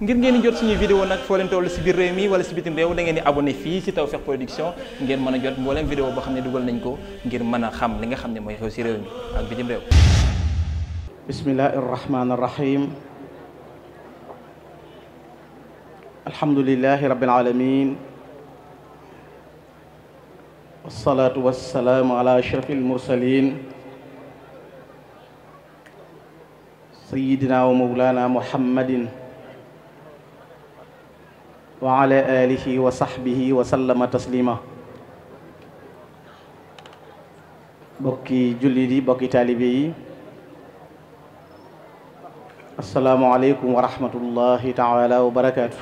ngir ngeen di jot suñuy vidéo nag foo leen si biir réew mi wala si bitim réew da ngeen di abonné fii si Tawfekh Production ngeen mën a jot mbooleem vidéo boo xam ne dugal nañ ko ngir mën a xam li nga xam ne mooy xew si réew mi ak bitim réew bismillahi arrahmani arrahim alhamdulilahi rabbil alamin wasalaatu wasalaamu ala ashrafi almursalin sayidina wa maulana muhammadin wa ala alihi wa sahbihi wa sallama taslima bokki jullit yi bokki taalibe yi asalaamu aleykum taala wa barakaatu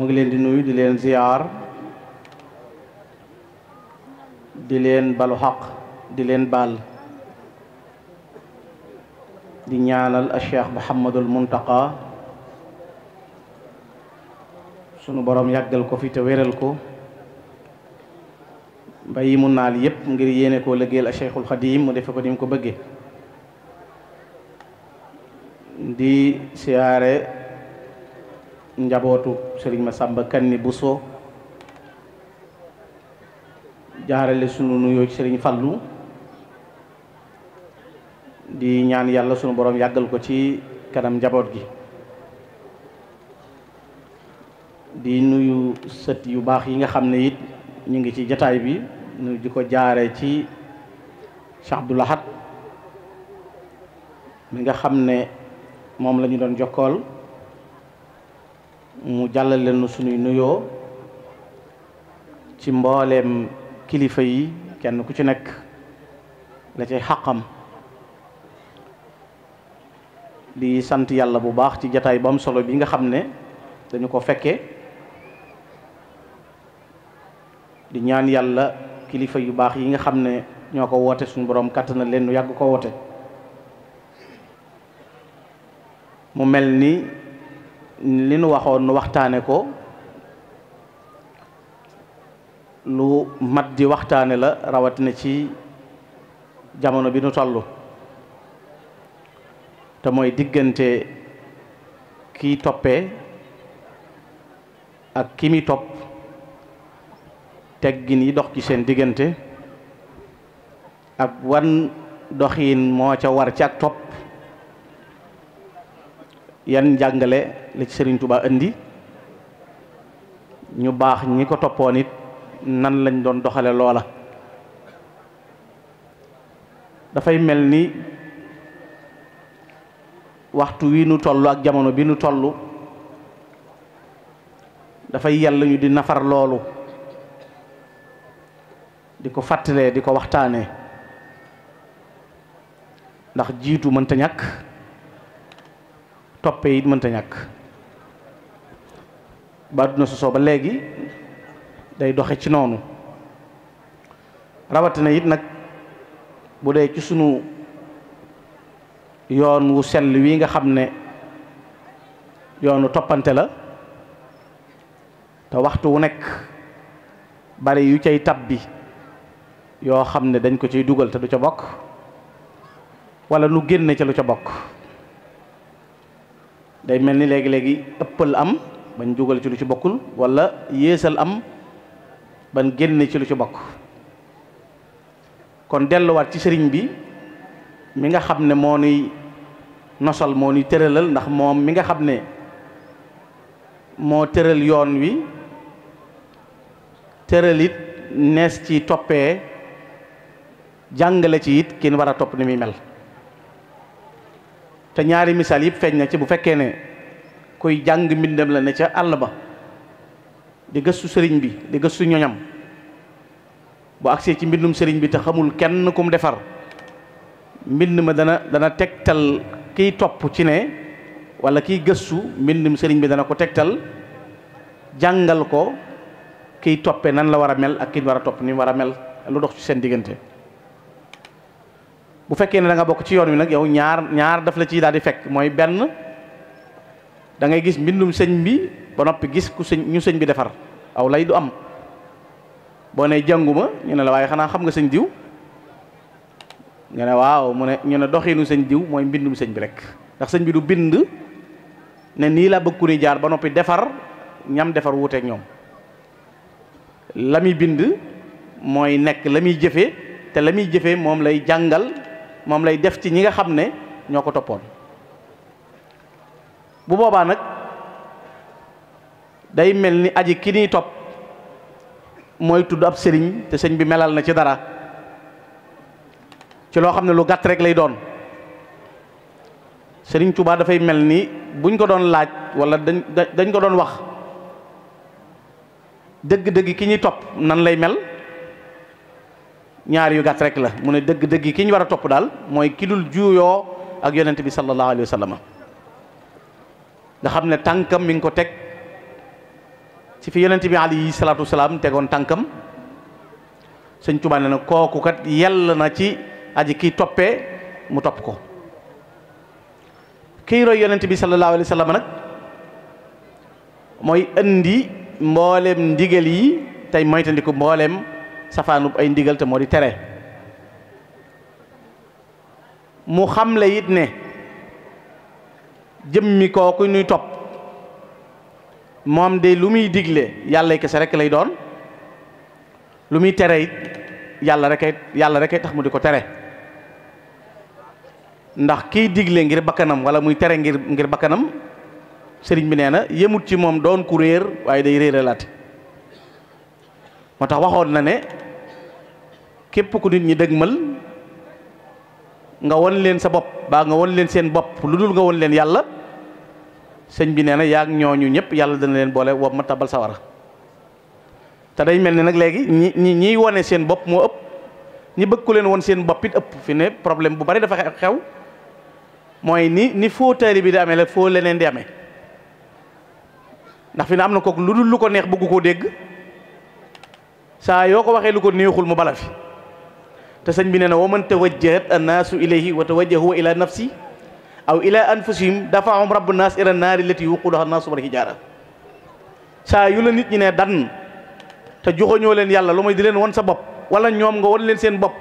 ngi leen di nuyu di leen ziyaar di leen balu xaq di leen baal di ñaanal a cheikh muhammadul muntaqa sunu borom yàggal ko fi te wéral ko ba yi naal yépp ngir yéene koo liggéeyal a Cheikhul Xadim mu defe ko ni mu ko bëggee di siyaare njabootu sëriñ Massamba Kanni bu Bousso jaarale sunu nuyoo ci sëriñ Fallu di ñaan yàlla sunu boroom yàggal ko ci kanam njaboot gi di nuyu sët yu baax yi nga xam ne it ñu ngi ci jataay bi nu di ko jaare ci Cheikh Abdou Lahad mi nga xam ne moom lañu doon jokkool mu jàllal leen suñuy nuyoo ci mbooleem kilifa yi kenn ku ci nekk la cay xàqam di sant yàlla bu baax ci jataay bu solo bi nga xam ne dañu ko fekke di ñaan yàlla kilifa yu baax yi nga xam ne ñoo ko woote suñu borom kàttan na leen nu yàgg ko woote mu mel ni li nu waxoon nu waxtaane ko lu mat di waxtaane la rawatina ci jamono bi nu toll te mooy diggante kiy toppee ak kii mi topp teggin yi dox ci seen diggante ak wan doxin moo ca war ci ak topp yan njàngale la ci Sëriñ Tuubaa indi ñu baax ñi ko toppoon nan lañ doon doxale loola dafay mel ni waxtu wi nu toll ak jamono bi nu tollu dafay yàlla ñu di nafar loolu di ko fàttalee di ko waxtaane ndax jiitu mënta ñàkk toppe it mënta ñàkk ba duna sosoo ba léegi day doxe ci noonu rawatina it nag bu dee ci sunu yoon wu sell wi nga xam ne yoonu toppante la te waxtu wu nekk bari yu cay tab bi yoo xam ne dañ ko ciy dugal te du ca bokk wala nu génne ca lu ca bokk day mel ni léegi-léegi ëppal am bañ dugal ci lu ci bokkul wala yéesal am ban génne ci lu ca bokk kon delluwaat ci sëriñ bi mi nga xam ne moo nuy nosal moo nuy tëralal ndax moom mi nga xam ne moo tëral yoon wi tëral it nees ci toppee jàngale ci it kiin war a topp ni muy mel te ñaari misaal yëpp feeñ na ci bu fekkee ne kuy jàng mbindam la ne ca àll ba di gëstu sëriñ bi di gëstu ñoñam bu agsee ci mbindum sëriñ bi te xamul kenn kum defar mbind ma dana dana tegtal kiy topp ci ne wala kiy gëstu mbindum sëriñ bi dana ko tegtal jàngal ko kiy toppee nan la war a mel ak kiñ war a topp ni war a mel lu dox ci seen diggante bu fekkee ne danga bokk ci yoon wi nag yow ñaar ñaar daf la ciy daal di fekk mooy benn dangay gis mbindum sëñ bi ba noppi gis ku sëñ ñu sëñ bi defar aw lay du am boo ne jànguma ñu ne la waaye xanaa xam nga sëñ diw nga ne waaw mu ne ñu ne doxiinu sëñ diw mooy mbindum sëñ bi rek ndax sëñ bi du bind ne nii laa bëgg ku ni jaar ba noppi defar ñam defar wuuteeg ñoom la muy bind mooy nekk la muy jëfe te la muy jëfe moom lay jàngal moom lay def ci ñi nga xam ne ñoo ko toppoon bu boobaa nag day mel ni aji ki niy topp mooy tudd ab sëriñ te sëñ bi melal na ci dara ci loo xam ne lu gàtt rek lay doon sëriñ Tuubaa dafay mel ni buñ ko doon laaj wala dañ dañ ko doon wax dëgg-dëgg ki ñuy topp nan lay mel ñaar yu gàtt rek la mu ne dëgg dëgg ki ñu war a topp daal mooy ki dul juuyoo ak yonent bi sallallahu alayhi wa sallam nga xam ne tànkam mi ngi ko teg ci fi yonent bi alayhi salaatu wasalaam tegoon tànkam sëñ Tuubaa ne na kooku kat yell na ci aji kii toppee mu topp ko kii roy yonent bi sallallahu alayhi wa sallam nag mooy indi mbooleem ndigal yi tey moytandiku mbooleem safaanub ay ndigal te moo di tere mu xamle it ne jëmmi kooku nuy topp moom de lu muy digle yàlla kese rekk lay doon lu muy tere it yàlla rek yàlla rek tax mu di ko tere ndax kiy digle ngir bakkanam wala muy tere ngir ngir bakkanam sëriñ bi nee na yemut ci moom doon ku réer waaye day réeralaate moo tax waxoon na ne képp ku nit ñi dëgmal nga won leen sa bopp baa nga won leen seen bopp lu dul nga won leen yàlla sëñ bi nee na yaag ñooñu ñëpp yàlla dana leen boole woo ma tabal sawara te day mel ni nag léegi ñi ñi ñiy wone seen bopp moo ëpp ñi bëgg ku leen won seen bopp it ëpp fi ne problème bu bari dafa xew mooy ni ni foo taali bi di amee la foo leneen di amee ndax fi ne am na kooku lu dul lu ko neex bëggu koo dégg saa yoo ko waxee lu ko neexul mu bala fi te sëñ bi nee na wa man tawajjahat annaasu ilayhi wa tawajjaha huwa ila nafsi aw ila anfusihim dafaahum rabbu naas ila naari lati waquduha naasu wal hijaara saa yu la nit ñi ne dan te joxoñoo leen yàlla lu may di leen won sa bopp wala ñoom nga won leen seen bopp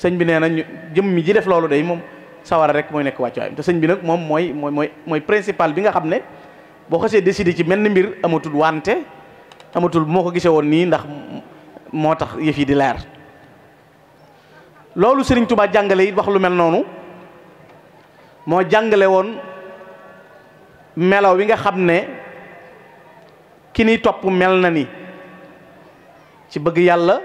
sëñ bi nee na jëm mi ji def loolu day moom sawara rek mooy nekk wàccuwaayam te sëñ bi nag moom mooy mooy mooy mooy principal bi nga xam ne boo xasee décidé ci mel mbir amatul wante amatul moo ko gisee woon nii ndax moo tax yëf yi di leer loolu Serigne tubaa jàngale yi wax lu mel noonu moo jàngale woon melaw wi nga xam ne ki ni topp mel na ni ci bëgg yàlla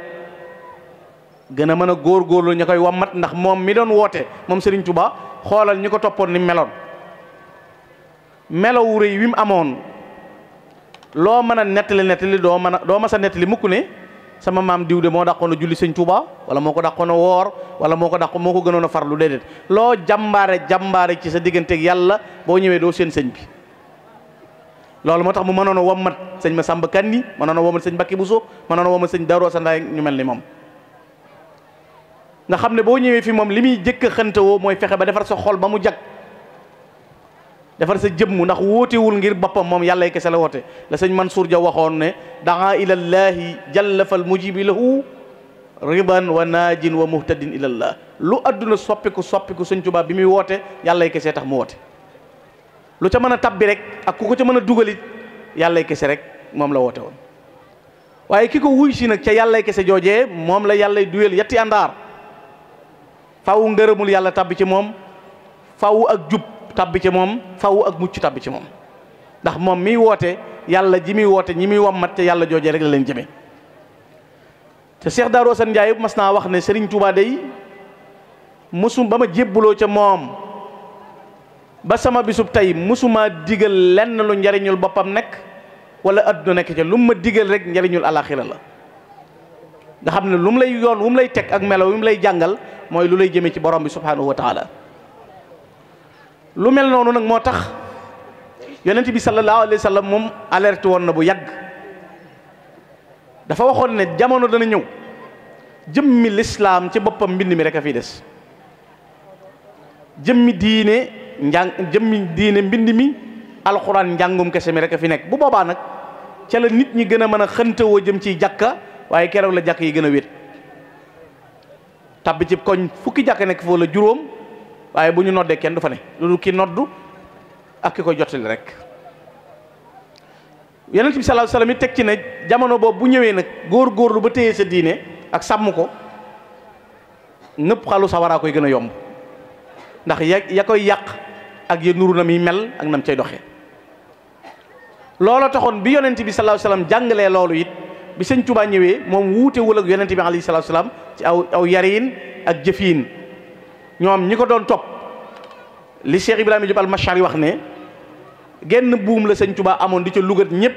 gën a mën a góorgóorlu ñu koy wammat ndax moom mi doon woote moom Serigne Touba xoolal ñu ko toppoon ni meloon melawu rëy wi mu amoon loo mën a nettali nettali doo mën a doo mas a nettali mukk ne sama maam diw de moo dàqoon a julli sëñ Tuuba wala moo ko daqoon a woor wala moo ko dàq moo ko gënoon a farlu déedéet loo jàmbaare jàmbaare ci sa digganteeg yàlla boo ñëwee doo seen sëñ bi loolu moo tax mu mënoon a wommat sëñ ma Masamba Kanni mënoon a wommat sëñ Mbàkke Buso mënoon a wommat sëñ Daaru Sandaay ñu mel ni moom nga xam ne boo ñëwee fi moom li muy jëkk a xëntawoo mooy fexe ba defar sa xol ba mu jag defar sa jëmm ndax wóotewul ngir boppam moom yàllay kese la woote la sëñ Mansour ja waxoon ne daa ilallaahi jallafal mujibi lahu ridan wa naajin wa muhtadin ilallah lu adduna soppiku soppiku sëñ Tuubaa bi muy woote yàllay kese tax mu woote lu ca mën a tabbi rek ak ku ko ca mën a dugalit yàllay kese rek moom la woote woon waaye ki ko wuy si ca yàllay kese joojee moom la yàllay duyel yetti àndaar faw ngërëmul yàlla tabbi ci moom faw ak jub tabbi ci moom faw ak mucc tabbi ci moom ndax moom miy woote yàlla ji muy woote ñi muy wammat te yàlla joojee rek la leen jëme te Cheikh Darou Assane Ndiaye naa wax ne Serigne Touba day musum ba ma jébbuloo ca moom ba sama bisub tey musuma digal lenn lu njariñul boppam nekk walla adduna nekk ca lu mu ma digal rek njariñul alaxira la nga xam ne lu mu lay yoon wu mu lay teg ak melo wu mu lay jàngal mooy lu lay jëme ci borom bi subhanahu lu mel noonu nag moo tax yonent bi sallallahu alayhi wa sallam moom alerte woon na bu yàgg dafa waxoon ne jamono dana ñëw jëmmi lislaam ci boppam mbind mi rek a fi des jëmmi diine njàng jëmmi diine mbind mi alxuraan njàngum kese mi rek a fi nekk bu boobaa nag ca la nit ñi gën a mën a xëntawoo jëm ciy jàkka waaye keroog la jàkk yi gën a wéet tàbbi ci koñ fukki jàkk nekk foofu la juróom waaye bu ñu noddee kenn du fa ne loolu kii noddu ak ki koy jottali rek yonent bi sallallahu alayhi wasallam yi teg ci ne jamono boobu bu ñëwee nag góor góorlu ba téye sa diine ak sàmm ko nëpp xalu sawaraa koy gën a yomb ndax ya ya koy yàq ak ya nuru na muy mel ak nam cay doxe loola taxoon bi yonent bi sallallahu alayhi wasallam jàngalee loolu it bi sëñ Tuubaa ñëwee moom wuutewul ak yonent bi alayhi salaam ci aw aw yariin ak jëfiin ñoom ñi ko doon topp li Cheikh Ibrahima Diop al yi wax ne genn buum la sañ Tuubaa amoon di ca lugat ñëpp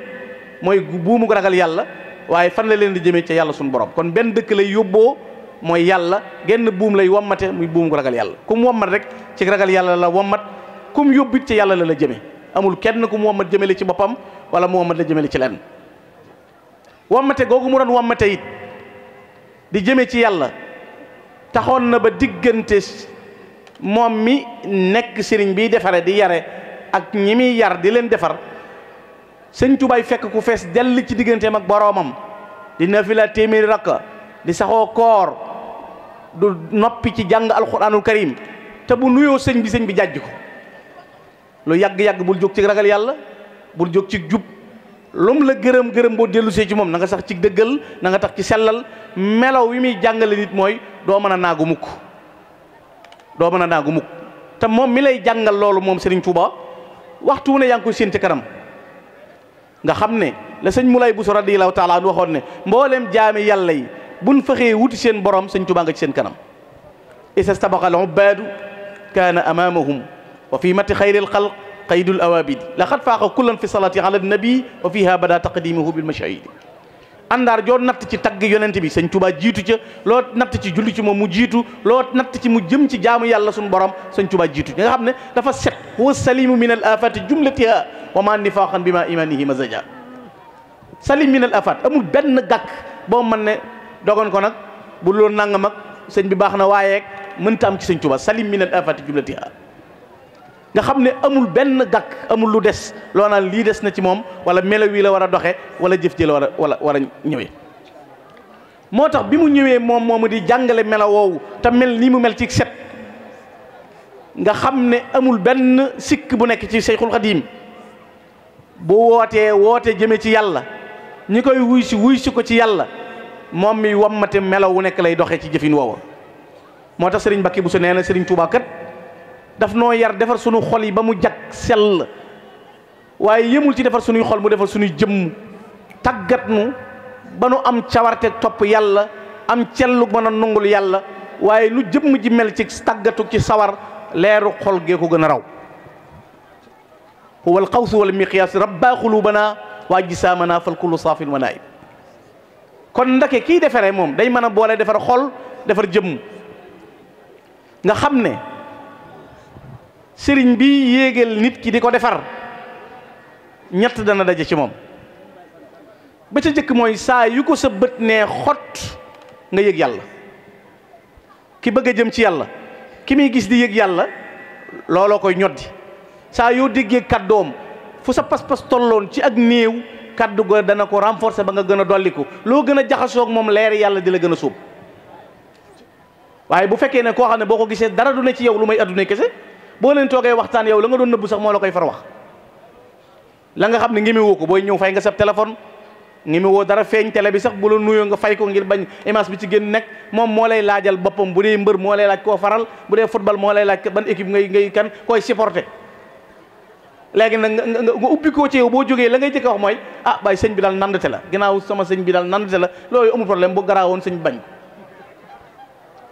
mooy buumu ko ragal yàlla waaye fan la leen di jëmee ci yàlla suñu borom kon benn dëkk lay yóbboo mooy yàlla genn buum lay wammate muy buum ko ragal yàlla kum wammat rek ci ragal yàlla la wammat kum yóbbit ci yàlla la la jëmee amul kenn ku mu wammat jëmale ci boppam wala mu wammat la jëmale ci lenn wammate googu mu doon wammate it di jëme ci yàlla taxoon na ba diggante moom mi nekk sëriñ bii defare di yare ak ñi muy yar di leen defar sëñ tubaay fekk ku fees dell ci digganteem ak boroomam di nafila téeméeri rakka di saxoo koor du noppi ci jàng alxuraanul karim te bu nuyoo sëñ bi sëñ bi jàjj ko lu yàgg-yàgg bul jóg ci ragal yàlla bul jóg ci jub lum la gërëm gërëm boo dellusee ci moom na nga sax ci dëggal na nga tax ci sellal melaw yi muy jàngale nit mooy doo mën a naagu mukk doo mën a naagu mukk te moom mi lay jàngal loolu moom Serigne Touba waxtu wu ne yaa koy séen ci kanam nga xam ne la sëñ Moulay Bousso radiyallahu taala an waxoon ne mboolem jaami yàlla yi buñ fexee wuti seen borom sëñ Touba nga ci seen kanam istabaqa al ubaadu kaana amaamahum wa fi mati xayril xalq qaydul awaabidi laqad faaqa kullan fi salaati ala nabi wa fiha bada taqdimuhu bil mashaahidi àndaar joo natt ci tagg yonent bi sëñ Tuubaa jiitu ca loo natt ci julli ci moom mu jiitu loo natt ci mu jëm ci jaamu yàlla suñu borom sëñ Tuubaa jiitu nga xam ne dafa set huwa salimu min al afati jumlatiha wa ma nifaqan bi ma imanihi mazaja salim min al afat amul benn gàkk boo man ne dogon ko nag bu loolu nangam mag sëñ bi baax na waaye mën taam ci sëñ Tuubaa salim min al afati jumlatiha nga xam ne amul benn gàkk amul lu des loo naan lii des na ci moom wala melow wi la war a doxe wala jëf ji la war a wala war a ñëwee moo tax bi mu ñëwee moom moomu di jàngale melo woowu te mel nii mu mel ci set nga xam ne amul benn sikk bu nekk ci Seyxul Xadiim bu wootee woote jëme ci yàlla ñi koy wuy si wuy si ko ci yàlla moom mi wammate melaw wu nekk lay doxee ci jëfin woowa moo tax sëriñ bu Buso nee na sëriñ Tuubaa daf noo yar defar sunu xol yi ba mu jag sell waaye yëmul ci defar sunuy xol mu defar sunuy jëmm taggat nu ba nu am cawarte topp yàlla am cellu mën a nungul yàlla waaye lu jëmm ji mel ci tàggatu ci sawar leeru xol gee ko gën a raw wal huwa alqawsu wal miqyaas rabba xulubanaa waa jisaamanaa fal kullu saafin wa naayib kon ndake kii defaree moom day mën a boole defar xol defar jëmm nga xam ne sëriñ bi yéegal nit ki di ko defar ñett dana daje ci moom ba ca jëkk mooy saa yu ko sa bët nee xot nga yëg yàlla ki bëgg a jëm ci yàlla ki muy gis di yëg yàlla looloo koy ñoddi saa yoo déggee kàddoom fu sa pas-pas tolloon ci ak néew kàddu ga dana ko renforcer ba nga gën a dolliku loo gën a jaxasoog moom leer yàlla di la gën a suub waaye bu fekkee ne koo xam ne boo ko gisee dara du ne ci yow lu may adduna kese boo leen toogee waxtaan yow la nga doon nëbbu sax moo la koy far wax la nga xam ne ngi mi ko booy ñëw fay nga sab téléphone ngi woo dara feeñ télé bi sax bu la nuyoo nga fay ko ngir bañ image bi ci génn nekk moom moo lay laajal boppam bu dee mbër moo lay laaj koo faral bu dee football moo lay laaj ban équipe ngay ngay kan koy supporter léegi nag nga nga ubbi koo ci yow boo jógee la ngay jëkk wax mooy ah bay sëñ bi daal nandate la ginnaaw sama sëñ bi daal nandate la loolu amul problème bu garaawoon sëñ bañ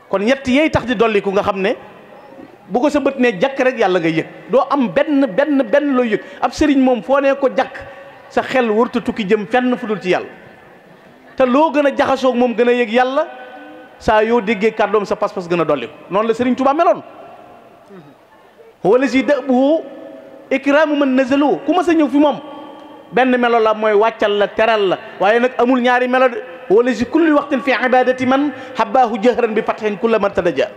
kon ñett tax di dolliku nga xam ne bu ko sa bët ne jàkk rek yàlla ngay yëg doo am benn benn benn loo yëg ab sëriñ moom foo nee ko jàkk sa xel warta tukki jëm fenn fu dul ci yàlla te loo gën a jaxasoo moom gën a yëg yàlla saa yoo déggee kàddoom sa pas-pas gën a dolli ko noonu la sëriñ Tuubaa meloon wala si dëbbu ikraamu man nazaloo ku ma sa ñëw fi moom benn melo la mooy wàccal la teral la waaye nag amul ñaari melo de wala si kulli waxtin fi ibadati man xabaahu jahran bi fatxin kulla man tadaja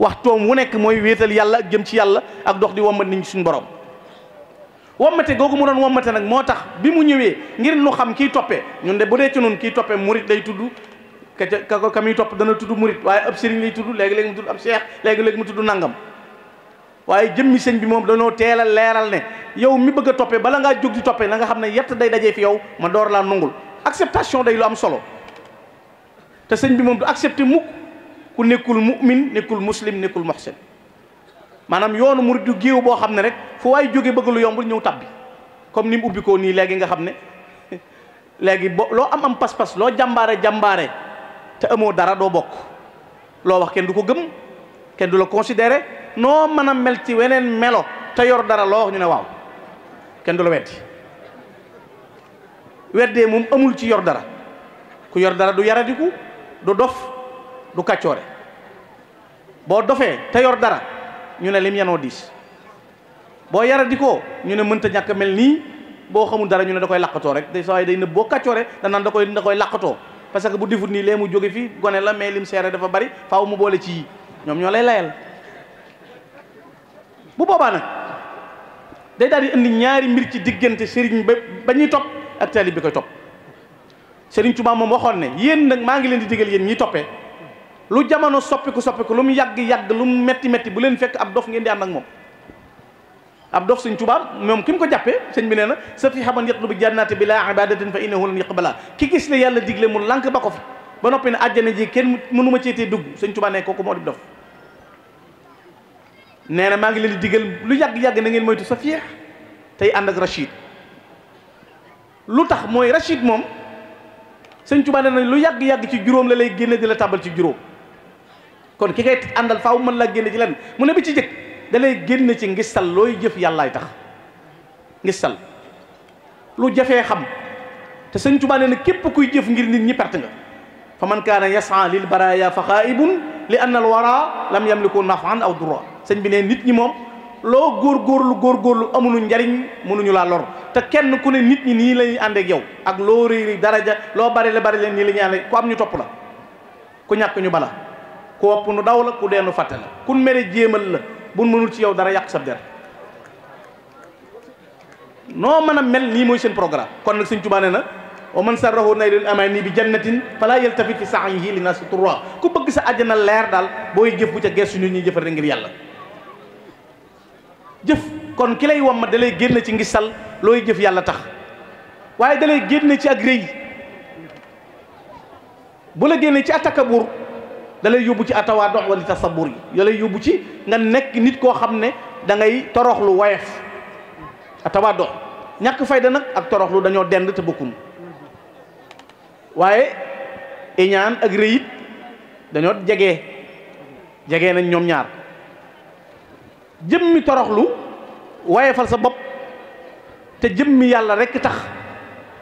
waxtoom wu nekk mooy wéetal yàlla ak jëm ci yàlla ak dox di wommat nit ñi suñu borom wommate googu mu doon wommate nag moo tax bi mu ñëwee ngir nu xam kii toppee ñun de bu dee ci nun kii toppee murit lay tudd ka ca ka ka muy topp dana tudd murit waaye ab sëriñ lay tudd léegi-léegi mu tudd ab seex léegi-léegi mu tudd nangam waaye jëmmi sëñ bi moom dañoo teel a leeral ne yow mi bëgg a toppee bala ngaa jóg di toppee na nga xam ne yett day dajee fi yow ma door laa nungul acceptation day lu am solo ku nekkul mu'min nekkul muslim nekkul muhsin maanaam yoonu murid du géew boo xam ne rek foo ay jóge bëgg lu yombul ñëw tabbi comme ni mu ubbi ko nii léegi nga xam ne léegi bo loo am am pas-pas loo jàmbaare jàmbaare te amoo dara doo bokk loo wax kenn du ko gëm kenn du la considéré noo mën a mel ci weneen melo te yor dara loo wax ñu ne waaw kenn du la weddi weddee moom amul ci yor dara ku yor dara du yaradiku du dof du kaccoore boo dofee te yor dara ñu ne lim yanoo diis boo yara ñu ne mënta ñàkk mel nii boo xamul dara ñu ne da koy làqatoo rek day saa day nëb boo kàccoore da naan da koy da koy làqatoo parce que bu difut nii lee mu jóge fi gone la mais lim seere dafa bari faaw mu boole ci yi ñoom ñoo lay layal bu boobaa nag day daal di indi ñaari mbir ci diggante sëriñ ba ba ñuy topp ak taalib bi koy topp sëriñ Tuubaa moom waxoon ne yéen nag maa ngi leen di digal yéen ñiy toppee lu jamono soppiku soppiku lu mu yàgg yàgg lu mu metti metti bu leen fekk ab dof ngeen di ànd ak moom ab dof sëñ Tuubaa moom ki mu ko jàppee sëñ bi nee na sa fi xaman yatlubu jannaati bi laa ibadatin fa innahu lan yaqbala ki gis yàlla digle mu lànk ba ko fi ba noppi ne àjjana ji kenn mënuma ceetee dugg sëñ Tuubaa ne kooku moo di dof nee maa ngi leen di digal lu yàgg-yàgg na ngeen moytu sa fiix tey ànd ak Rachid lu tax mooy Rachid moom sëñ Tuubaa ne na lu yàgg-yàgg ci juróom la lay génne di la tàbbal ci juróom kon ki ngay àndal faaw man laa génne ci lan mu ne bi ci jëkk da lay génne ci ngistal looy jëf yàllaay tax ngistal lu jafee xam te sëñ Tuubaa nee na képp kuy jëf ngir nit ñi perte nga fa man kaana yasaa lil baraya fa xaaibun li anna al wara lam yamliku nafan aw dura sëñ bi ne nit ñi moom loo góor góor góor lu góor lu amulu njariñ mënuñu laa lor te kenn ku ne nit ñi nii lañuy ànd yow ak loo réy daraja loo bari le bari la nii la am ñu topp la ku ñàkk bala ku wopp nu daw la ku deenu fàtte la kun mere jéemal la bu mënul ci yow dara yàq sa der noo mën a mel nii mooy seen programme kon nag Sëñ Tuubaa nee na wa man sarrahu naylul nii bi jannatin fala yaltafit fi sa'yihi li nasi turra ku bëgg sa àjjana leer daal booy jëf bu ca gestu ñu ñuy jëfal ngir yàlla jëf kon kilay lay wamma da lay génn ci ngisal looy jëf yàlla tax waaye da lay génn ci ak rëy bu la génne ci attakabur dalay yóbbu ci atawaadox wala tasabur yi da lay yóbbu ci nga nekk nit koo xam ne dangay ngay toroxlu wayef atawaadox ñàkk fayda nag ak toroxlu dañoo dend te bokkuñ waaye iñaan ak rëyit dañoo jege jege nañ ñoom ñaar jëmmi toroxlu woyefal sa bopp te jëmmi yàlla rekk tax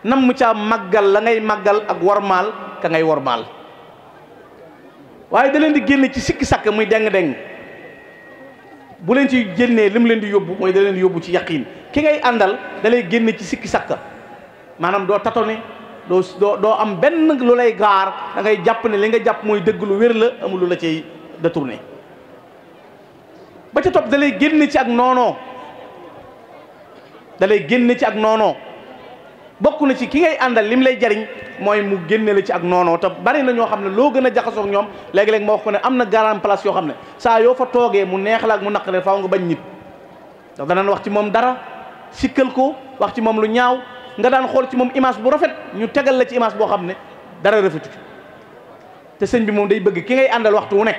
nam mu caa màggal la ngay màggal ak wormaal ka ngay wormaal waaye da di génne ci sikki sàkk muy deng-deng bu leen ci génnee li mu leen di yóbbu mooy da leen di yóbbu ci yaqiin ki ngay àndal da lay génne ci sikki sàkk maanaam doo tatone doo doo doo am benn lu lay gaar da ngay jàpp ne li nga jàpp mooy dëgg lu wér la amul lu la cay détourné ba ca topp da lay génne ci ak noonoo da lay génne ci ak noonoo bokku na ci ki ngay àndal lim lay jariñ mooy mu génne la ci ak noonoo te bari na ñoo xam ne loo gën a jaxasoo ñoom léegi-léegi ma wax ko ne am na grand place yoo xam ne saa yoo fa toogee mu neex la ak mu naqaree faaw nga bañ nit ndax danañ wax ci moom dara sikkal ko wax ci moom lu ñaaw nga daan xool ci moom image bu rafet ñu tegal la ci image boo xam ne dara rafetu ci te sëñ bi moom day bëgg ki ngay àndal waxtu wu nekk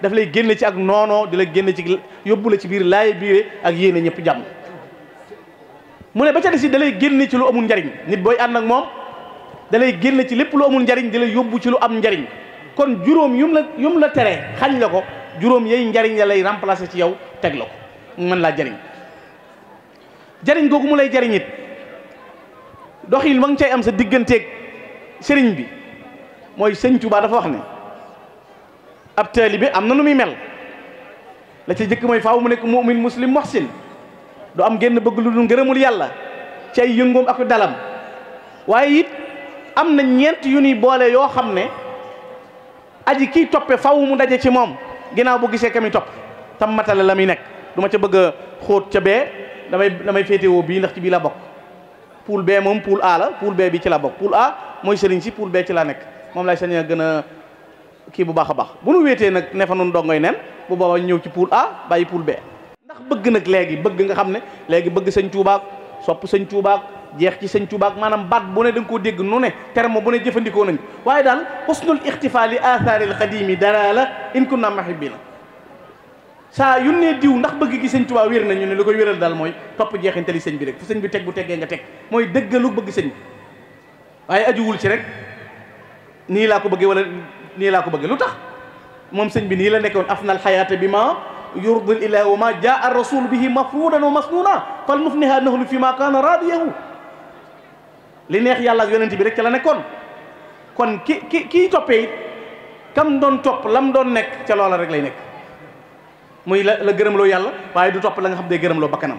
daf lay génne ci ak noonoo di la génne ci yóbbu la ci biir laay biire ak yéene ñëpp jàmm mu ne ba ca des yi da génn ci lu amul njariñ nit booy ànd ak moom dalay lay génn ci lépp lu amul njariñ di la yóbbu ci lu am njariñ kon juróom yum la yum la tere xañ la ko juróom yay njariñ la lay remplacer ci yow teg la ko mën laa jariñ jariñ googu mu lay jariñ it doxin ma ngi cay am sa digganteeg sëriñ bi mooy sëñ Tuubaa dafa wax ne ab taalibe am na nu muy mel la ca jëkk mooy faaw mu nekk mu'min muslim muhsin du am génn bëgg lu dul ngërëmul yàlla ci ay yëngoom ak dalam waaye it am na ñeent yu ñuy boole yoo xam ne aji kii toppe faw mu daje ci moom ginnaaw bu gisee kami topp tam matale la muy nekk du ma ca bëgg xóot ca bee damay damay féetewoo bii ndax ci bii la bokk poul bee moom poul A la poul bee bi ci la bokk poul A mooy sëriñ si poul bee ci la nekk moom lay sañ gën a kii bu baax a baax bu nu wéetee nag ne fa nun dongoy nen bu booba ñëw ci poul A bàyyi poul bee ndax bëgg nag léegi bëgg nga xam ne léegi bëgg sëñ Tuubaak sopp sëñ Tuubaak jeex ci sëñ Tuubaak maanaam baat bu ne da koo dégg nu ne moo bu ne jëfandikoo nañ waaye daal xusnul ixtifaa li athaaril xadiimi dara la in kunna la saa yu ne diw ndax bëgg gi sëñ Tuubaa wér nañu ne li koy wéral daal mooy topp jeexintali sëñ bi rek fu sëñ bi teg bu teggee nga teg mooy dëggalu bëgg sëñ bi waaye ajuwul ci rek nii laa ko bëggee wala nii laa ko bëggee lu tax moom sëñ bi nii la nekkoon yurdi l-ilaah wa maa jaa ar-rasuulu bihi mafruudan wa masnuunan fal nufnihaa nahlu fii maa kaana raadiyahu li neex yàlla ak yonent bi rek ca la nekkoon kon ki ki kii toppee it kam doon topp lam doon nekk ca loola rek lay nekk muy la la gërëmloo yàlla waaye du topp la nga xam day gërëmloo bakkanam